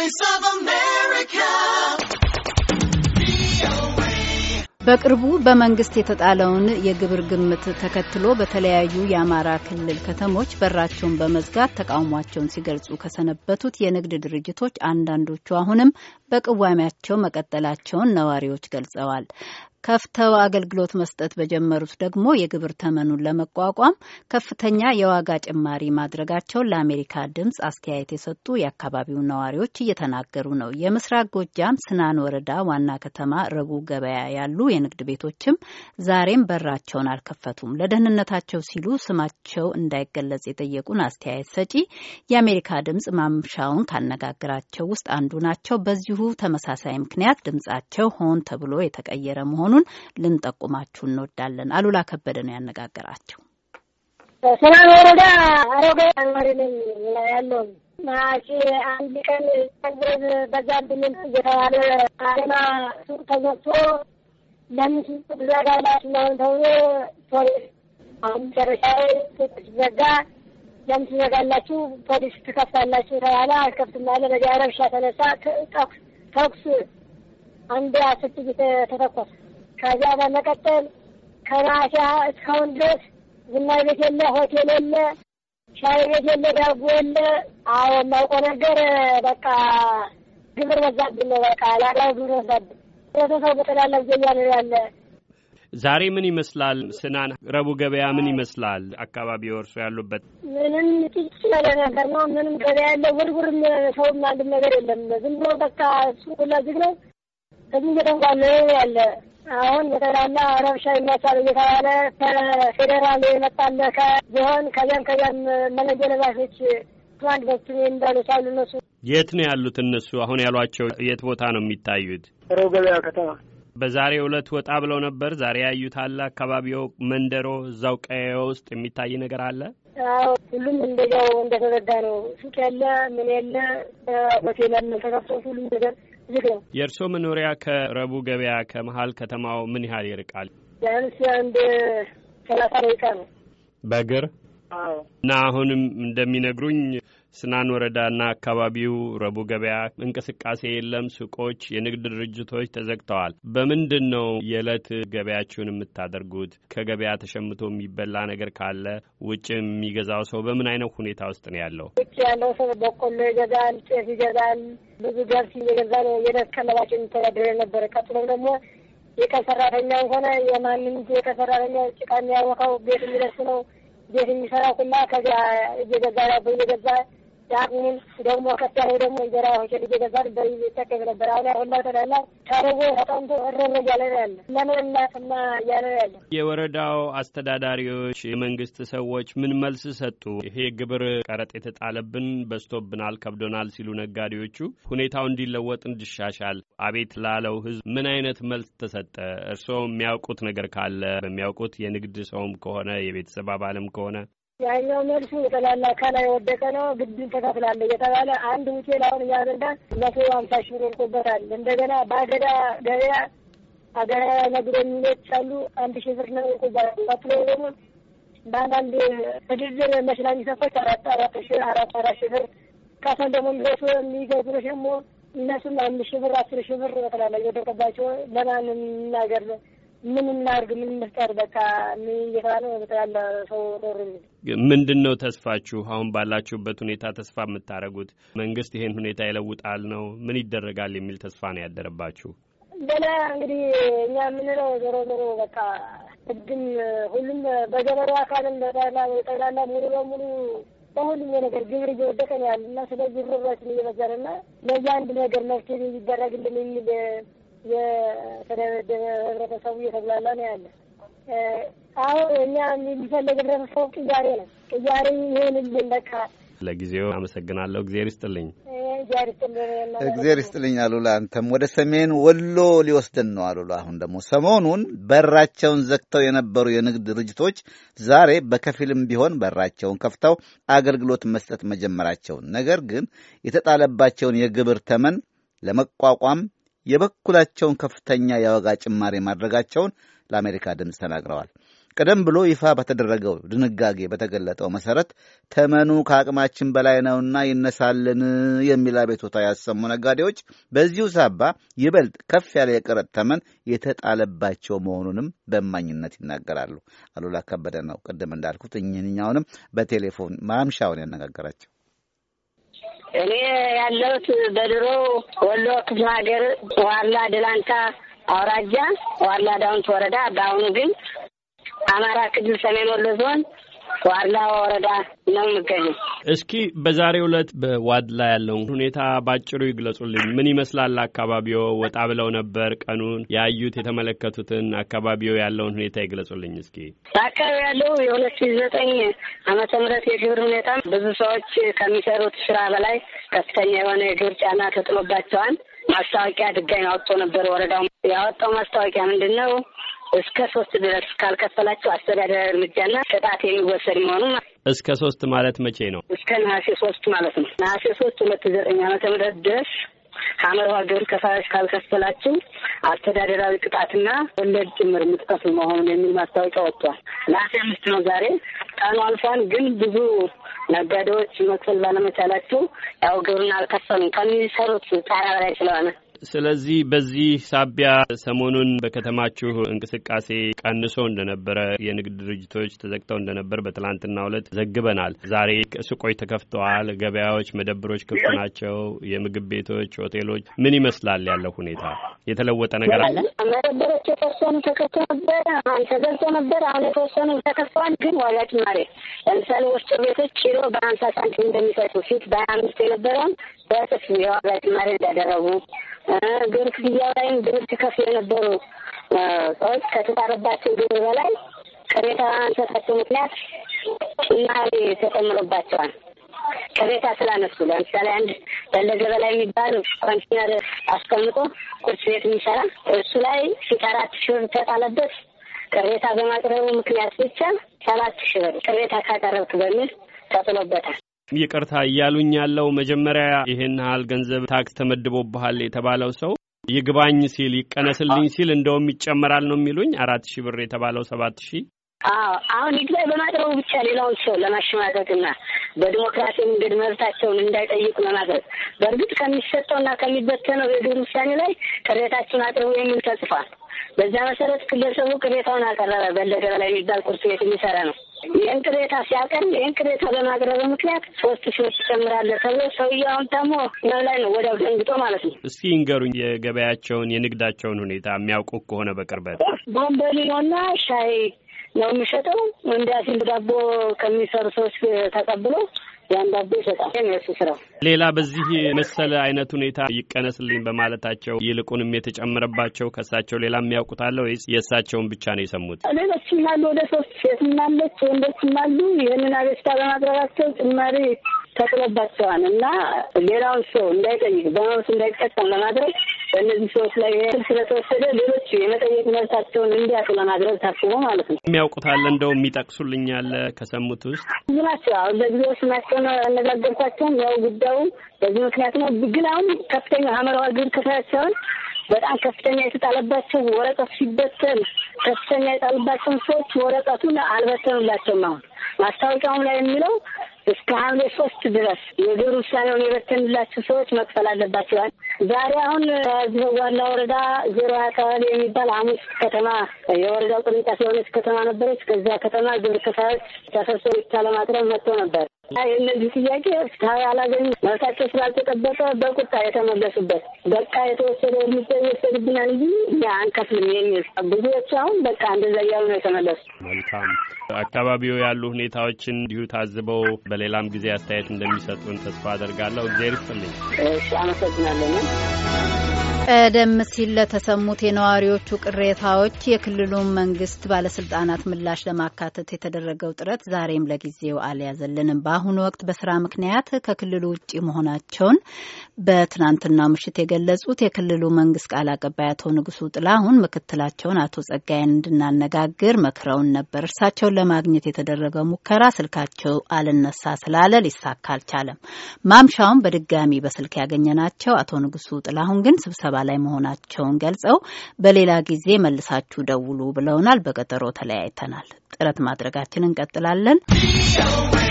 Voice of America. በቅርቡ በመንግስት የተጣለውን የግብር ግምት ተከትሎ በተለያዩ የአማራ ክልል ከተሞች በራቸውን በመዝጋት ተቃውሟቸውን ሲገልጹ ከሰነበቱት የንግድ ድርጅቶች አንዳንዶቹ አሁንም በቅዋሚያቸው መቀጠላቸውን ነዋሪዎች ገልጸዋል። ከፍተው አገልግሎት መስጠት በጀመሩት ደግሞ የግብር ተመኑን ለመቋቋም ከፍተኛ የዋጋ ጭማሪ ማድረጋቸውን ለአሜሪካ ድምፅ አስተያየት የሰጡ የአካባቢው ነዋሪዎች እየተናገሩ ነው። የምስራቅ ጎጃም ስናን ወረዳ ዋና ከተማ ረቡ ገበያ ያሉ የንግድ ቤቶችም ዛሬም በራቸውን አልከፈቱም። ለደህንነታቸው ሲሉ ስማቸው እንዳይገለጽ የጠየቁን አስተያየት ሰጪ የአሜሪካ ድምፅ ማምሻውን ካነጋገራቸው ውስጥ አንዱ ናቸው። በዚሁ በዚሁ ተመሳሳይ ምክንያት ድምጻቸው ሆን ተብሎ የተቀየረ መሆኑን ልንጠቁማችሁ እንወዳለን። አሉላ ከበደ ነው ያነጋገራቸው። ሰላም ወረዳ አሮጌ ነዋሪ ያለው ማሺ አንድ ቀን በዛ በዛብኝ እየተባለ አለማ ሱቅ ተዘግቶ ለምን ሱቅ ትዘጋላችሁ ምናምን ተብሎ ፖሊስ አሁን መጨረሻ ሱቅ ሲዘጋ ለምን ትዘጋላችሁ ፖሊስ ትከፍታላችሁ ተባለ። አልከፍትም አለ። በዚያ ረብሻ ተነሳ ተጠቁ ተኩስ አንድ አስጅ ተተኮሰ። ከዚያ በመቀጠል ከነሐሴ እስካሁን ድረስ ቡና ቤት የለ፣ ሆቴል የለ፣ ሻይ ቤት የለ፣ ዳቦ የለ። አዎ የማውቀው ነገር በቃ ግብር በዛብን ነው። በቃ ላዳ ግብር በዛብን ቤተሰቡ ተላላ ያለ ዛሬ ምን ይመስላል? ስናን ረቡዕ ገበያ ምን ይመስላል? አካባቢ እርሶ ያሉበት ምንም ጭጭ ያለ ነገር ነው። ምንም ገበያ ያለ ውርውርም ሰውም አንድም ነገር የለም። ዝም ብሎ በቃ እሱ ሁላ ዝግ ነው። እዚህ እየተንኳለ ያለ አሁን የተላላ ረብሻ ይመሳል እየተባለ ከፌዴራል የመጣለ ከዚሆን ከዚያም ከዚያም መለጀ ለባሾች ትላንት በሱ የሚባሉት አሉ። እነሱ የት ነው ያሉት? እነሱ አሁን ያሏቸው የት ቦታ ነው የሚታዩት? ረቡዕ ገበያ ከተማ በዛሬ ዕለት ወጣ ብለው ነበር። ዛሬ ያዩት አለ አካባቢው፣ መንደሮ፣ እዛው ቀየ ውስጥ የሚታይ ነገር አለ። አዎ ሁሉም እንደዚያው እንደተዘጋ ነው። ሱቅ ያለ ምን ያለ ሆቴል ያለ ተከፍቶ ሁሉም ነገር ዝግ ነው። የእርስዎ መኖሪያ ከረቡ ገበያ ከመሀል ከተማው ምን ያህል ይርቃል? ቢያንስ አንድ ሰላሳ ደቂቃ ነው በእግር እና አሁንም እንደሚነግሩኝ ስናን ወረዳና አካባቢው ረቡ ገበያ እንቅስቃሴ የለም። ሱቆች፣ የንግድ ድርጅቶች ተዘግተዋል። በምንድን ነው የዕለት ገበያችሁን የምታደርጉት? ከገበያ ተሸምቶ የሚበላ ነገር ካለ ውጭ የሚገዛው ሰው በምን አይነት ሁኔታ ውስጥ ነው ያለው? ውጭ ያለው ሰው በቆሎ ይገዛል፣ ጤፍ ይገዛል፣ ብዙ ገብስ እየገዛ ነው የደስ ከመባጭ የሚተዳደር የነበረ ቀጥሎ ደግሞ የቀን ሰራተኛ ሆነ የማንም የቀን ሰራተኛ ጭቃ የሚያወካው ቤት የሚደርስ ነው ቤት የሚሰራ ሁላ ከዚያ እየገዛ እየገዛ ዳሚል ደግሞ ከታኔ ደግሞ እንጀራ ሆቴል እየገዛን ይጠቀም ነበር። አሁን ላ ተላላ ታደጎ ተጠምቶ እረረ እያለ ነው ያለ ለምን እናትና እያለ ነው ያለ። የወረዳው አስተዳዳሪዎች፣ የመንግስት ሰዎች ምን መልስ ሰጡ? ይሄ ግብር ቀረጥ የተጣለብን በዝቶብናል፣ ከብዶናል ሲሉ ነጋዴዎቹ ሁኔታው እንዲለወጥ እንዲሻሻል አቤት ላለው ህዝብ ምን አይነት መልስ ተሰጠ? እርስዎ የሚያውቁት ነገር ካለ በሚያውቁት የንግድ ሰውም ከሆነ የቤተሰብ አባልም ከሆነ ያኛው መልሱ የጠላላ ከላይ የወደቀ ነው። ግድን ተከፍላለ እየተባለ አንድ ሆቴል አሁን እኛ ዘንዳ መቶ ሀምሳ ሺህ ብር እንደገና በአገዳ ገበያ አገዳ ነግደኞች አሉ አንድ ሺ ብር ነው ወድቆባል። ቀጥሎ ደግሞ በአንዳንድ ምድድር መሽላሚ ሰፎች አራት አራት ሺ አራት አራት ሺ ብር ከሰን ደግሞ የሚገሱ የሚገዙች ደግሞ እነሱም አምስት ሺ ብር አስር ሺ ብር በተላለየ የወደቀባቸው ለማን ነው ምን እናርግ፣ ምን እንፍጠር፣ በቃ ምን እየተባለ ያለ ሰው ኖር። ምንድን ነው ተስፋችሁ? አሁን ባላችሁበት ሁኔታ ተስፋ የምታደርጉት መንግስት ይሄን ሁኔታ ይለውጣል ነው? ምን ይደረጋል የሚል ተስፋ ነው ያደረባችሁ? ገና እንግዲህ እኛ የምንለው ዞሮ ዞሮ በቃ ህግም ሁሉም በገበሬው አካልም በጠላ ጠላላ ሙሉ በሙሉ በሁሉም የነገር ግብር እየወደቀ ነው እና ስለዚህ ና ለዚ አንድ ነገር መፍትሄ ይደረግልን የሚል የተደበደበ ህብረተሰቡ እየተጉላላ ነው ያለ። አሁን እኛ የሚፈለግ ህብረተሰቡ ቅያሬ ነው። ቅያሬ ይህንልን በቃ ለጊዜው አመሰግናለሁ። እግዜር ይስጥልኝ። እግዜር ይስጥልኝ አሉላ። አንተም ወደ ሰሜን ወሎ ሊወስድን ነው አሉላ። አሁን ደግሞ ሰሞኑን በራቸውን ዘግተው የነበሩ የንግድ ድርጅቶች ዛሬ በከፊልም ቢሆን በራቸውን ከፍተው አገልግሎት መስጠት መጀመራቸውን፣ ነገር ግን የተጣለባቸውን የግብር ተመን ለመቋቋም የበኩላቸውን ከፍተኛ የዋጋ ጭማሪ ማድረጋቸውን ለአሜሪካ ድምፅ ተናግረዋል። ቀደም ብሎ ይፋ በተደረገው ድንጋጌ በተገለጠው መሰረት ተመኑ ከአቅማችን በላይ ነውና ይነሳልን የሚል አቤቱታ ያሰሙ ነጋዴዎች በዚሁ ሳባ ይበልጥ ከፍ ያለ የቀረጥ ተመን የተጣለባቸው መሆኑንም በማኝነት ይናገራሉ። አሉላ ከበደ ነው ቅድም እንዳልኩት እኚህኛውንም በቴሌፎን ማምሻውን ያነጋገራቸው። እኔ ያለሁት በድሮ ወሎ ክፍለ ሀገር ዋላ ደላንታ አውራጃ ዋላ ዳውንት ወረዳ፣ በአሁኑ ግን አማራ ክልል ሰሜን ወሎ ዞን ዋድላ ወረዳ ነው የምገኘው። እስኪ በዛሬው ዕለት በዋድላ ያለውን ሁኔታ ባጭሩ ይግለጹልኝ። ምን ይመስላል አካባቢው? ወጣ ብለው ነበር ቀኑን ያዩት የተመለከቱትን አካባቢው ያለውን ሁኔታ ይግለጹልኝ እስኪ። በአካባቢ ያለው የሁለት ሺ ዘጠኝ አመተ ምህረት የግብር ሁኔታ ብዙ ሰዎች ከሚሰሩት ስራ በላይ ከፍተኛ የሆነ የግብር ጫና ተጥሎባቸዋል። ማስታወቂያ ድጋሚ አወጥቶ ነበር ወረዳው። ያወጣው ማስታወቂያ ምንድን ነው? እስከ ሶስት ድረስ ካልከፈላቸው አስተዳደራዊ እርምጃና ቅጣት የሚወሰድ መሆኑ እስከ ሶስት ማለት መቼ ነው? እስከ ነሐሴ ሶስት ማለት ነው። ነሐሴ ሶስት ሁለት ዘጠኝ ዓመተ ምህረት ድረስ ሀመር ግብር ከፋዮች ካልከፈላችሁ አስተዳደራዊ ቅጣትና ወለድ ጭምር የምትከፍሉ መሆኑን የሚል ማስታወቂያ ወጥቷል። ነሐሴ አምስት ነው ዛሬ። ቀኑ አልፏል፣ ግን ብዙ ነጋዴዎች መክፈል ባለመቻላችው ያው ግብርና አልከፈሉም ከሚሰሩት ጣራ በላይ ስለሆነ ስለዚህ በዚህ ሳቢያ ሰሞኑን በከተማችሁ እንቅስቃሴ ቀንሶ እንደነበረ፣ የንግድ ድርጅቶች ተዘግተው እንደነበር በትላንትና ዕለት ዘግበናል። ዛሬ ሱቆች ተከፍተዋል፣ ገበያዎች፣ መደብሮች ክፍት ናቸው። የምግብ ቤቶች፣ ሆቴሎች ምን ይመስላል ያለው ሁኔታ? የተለወጠ ነገር አለ? መደብሮች የተወሰኑ ተከፍቶ ነበር፣ ተዘግቶ ነበር። አሁን የተወሰኑ ተከፍተዋል፣ ግን ዋጋችን ማለት ለምሳሌ ወፍጮ ቤቶች ኪሎ በሀምሳ ሳንቲም እንደሚሰጡ ፊት በሀያ አምስት የነበረውን በክፍያ ላይ ጭማሪ እንዳደረጉ ግን ክፍያው ላይም ድምፅ ከፍ የነበሩ ሰዎች ከተጣረባቸው ግን በላይ ቅሬታ አንሰታቸው ምክንያት ጭማሪ ተጨምሮባቸዋል። ቅሬታ ስላነሱ ለምሳሌ አንድ ፈለገ በላይ የሚባል ኮንቲነር አስቀምጦ ቁርስ ቤት የሚሰራ እሱ ላይ ሺህ አራት ሺህ ብር ተጣለበት። ቅሬታ በማቅረቡ ምክንያት ብቻ ሰባት ሺህ ብር ቅሬታ ካቀረብክ በሚል ተጥሎበታል። ይቅርታ እያሉኝ ያለው መጀመሪያ ይህን ያህል ገንዘብ ታክስ ተመድቦብሃል የተባለው ሰው ይግባኝ ሲል ይቀነስልኝ ሲል እንደውም ይጨመራል ነው የሚሉኝ። አራት ሺህ ብር የተባለው ሰባት ሺህ አሁን ይግባኝ በማቅረቡ ብቻ ሌላውን ሰው ለማሸማቀቅና በዲሞክራሲ መንገድ መብታቸውን እንዳይጠይቁ ለማድረግ በእርግጥ ከሚሰጠውና ከሚበተነው የግብር ውሳኔ ላይ ቅሬታችን አቅርቡ የሚል ተጽፏል። በዛ መሰረት ግለሰቡ ቅሬታውን አቀረበ። በለገበ ላይ የሚባል ቁርስ ቤት የሚሰራ ነው። ይህን ቅሬታ ሲያቀን ይህን ቅሬታ በማቅረብ ምክንያት ሶስት ሺ ትጨምራለህ ተብሎ ሰውየውን ደግሞ ነው ላይ ነው ወዲያው ደንግጦ ማለት ነው። እስኪ ይንገሩኝ የገበያቸውን የንግዳቸውን ሁኔታ የሚያውቁ ከሆነ በቅርበት ቦምበሊኖና ሻይ ነው የሚሸጠው። እንዲያ ሲንብ ዳቦ ከሚሰሩ ሰዎች ተቀብሎ ያንዳንዱ ይሰጣል። ይሸጣል። ስራ ሌላ በዚህ መሰል አይነት ሁኔታ ይቀነስልኝ በማለታቸው ይልቁንም የተጨመረባቸው ከእሳቸው ሌላ የሚያውቁት አለ ወይስ የእሳቸውን ብቻ ነው የሰሙት? ሌሎችም አሉ፣ ወደ ሶስት ሴትም አለች፣ ወንዶችም አሉ። ይህንን አቤቱታ በማቅረባቸው ጭማሪ ተጥሎባቸዋል እና ሌላውን ሰው እንዳይጠይቅ በመብት እንዳይጠቀም ለማድረግ በእነዚህ ሰዎች ላይ ስል ስለተወሰደ ሌሎች የመጠየቅ መብታቸውን እንዲያጡ ለማድረግ ታስቦ ማለት ነው። የሚያውቁታል እንደው የሚጠቅሱልኛል ከሰሙት ውስጥ ብዙ ናቸው። አሁን ለጊዜው ስማቸውን አነጋገርኳቸውም ያው ጉዳዩ በዚህ ምክንያት ነው። ግን አሁን ከፍተኛ አመራዋ ግን ክፍያቸውን በጣም ከፍተኛ የተጣለባቸው ወረቀት ሲበተን ከፍተኛ የጣሉባቸውን ሰዎች ወረቀቱን አልበተኑላቸውም። አሁን ማስታወቂያውም ላይ የሚለው እስከ ሐምሌ ሶስት ድረስ የግብር ውሳኔውን የበተንላቸው ሰዎች መክፈል አለባቸዋል። ዛሬ አሁን ከዚህ ዋና ወረዳ ዜሮ አካባቢ የሚባል ሐሙስ ከተማ የወረዳው ቅርንጫፍ የሆነች ከተማ ነበረች። ከዚያ ከተማ ግብር ከፋዮች ተሰብሰብ ብቻ ለማቅረብ መጥቶ ነበር። የእነዚህ ጥያቄ ፍትሐዊ አላገኙ መብታቸው ስላልተጠበቀ በቁጣ የተመለሱበት በቃ የተወሰደ እርምጃ ይወሰድብናል እንጂ እኛ አንከፍልም የሚል ብዙዎች አሁን በቃ እንደዛ እያሉ ነው የተመለሱ። መልካም አካባቢው ያሉ ሁኔታዎችን እንዲሁ ታዝበው በሌላም ጊዜ አስተያየት እንደሚሰጡን ተስፋ አደርጋለሁ። እግዜር ይስጥልኝ። አመሰግናለን። ቀደም ሲል ለተሰሙት የነዋሪዎቹ ቅሬታዎች የክልሉን መንግስት ባለስልጣናት ምላሽ ለማካተት የተደረገው ጥረት ዛሬም ለጊዜው አልያዘልንም። በአሁኑ ወቅት በስራ ምክንያት ከክልሉ ውጭ መሆናቸውን በትናንትና ምሽት የገለጹት የክልሉ መንግስት ቃል አቀባይ አቶ ንጉሱ ጥላሁን ምክትላቸውን አቶ ጸጋይን እንድናነጋግር መክረውን ነበር። እርሳቸውን ለማግኘት የተደረገው ሙከራ ስልካቸው አልነሳ ስላለ ሊሳካ አልቻለም። ማምሻውን በድጋሚ በስልክ ያገኘናቸው አቶ ንጉሱ ጥላሁን ግን ስብሰ ስብሰባ ላይ መሆናቸውን ገልጸው በሌላ ጊዜ መልሳችሁ ደውሉ ብለውናል። በቀጠሮ ተለያይተናል። ጥረት ማድረጋችን እንቀጥላለን።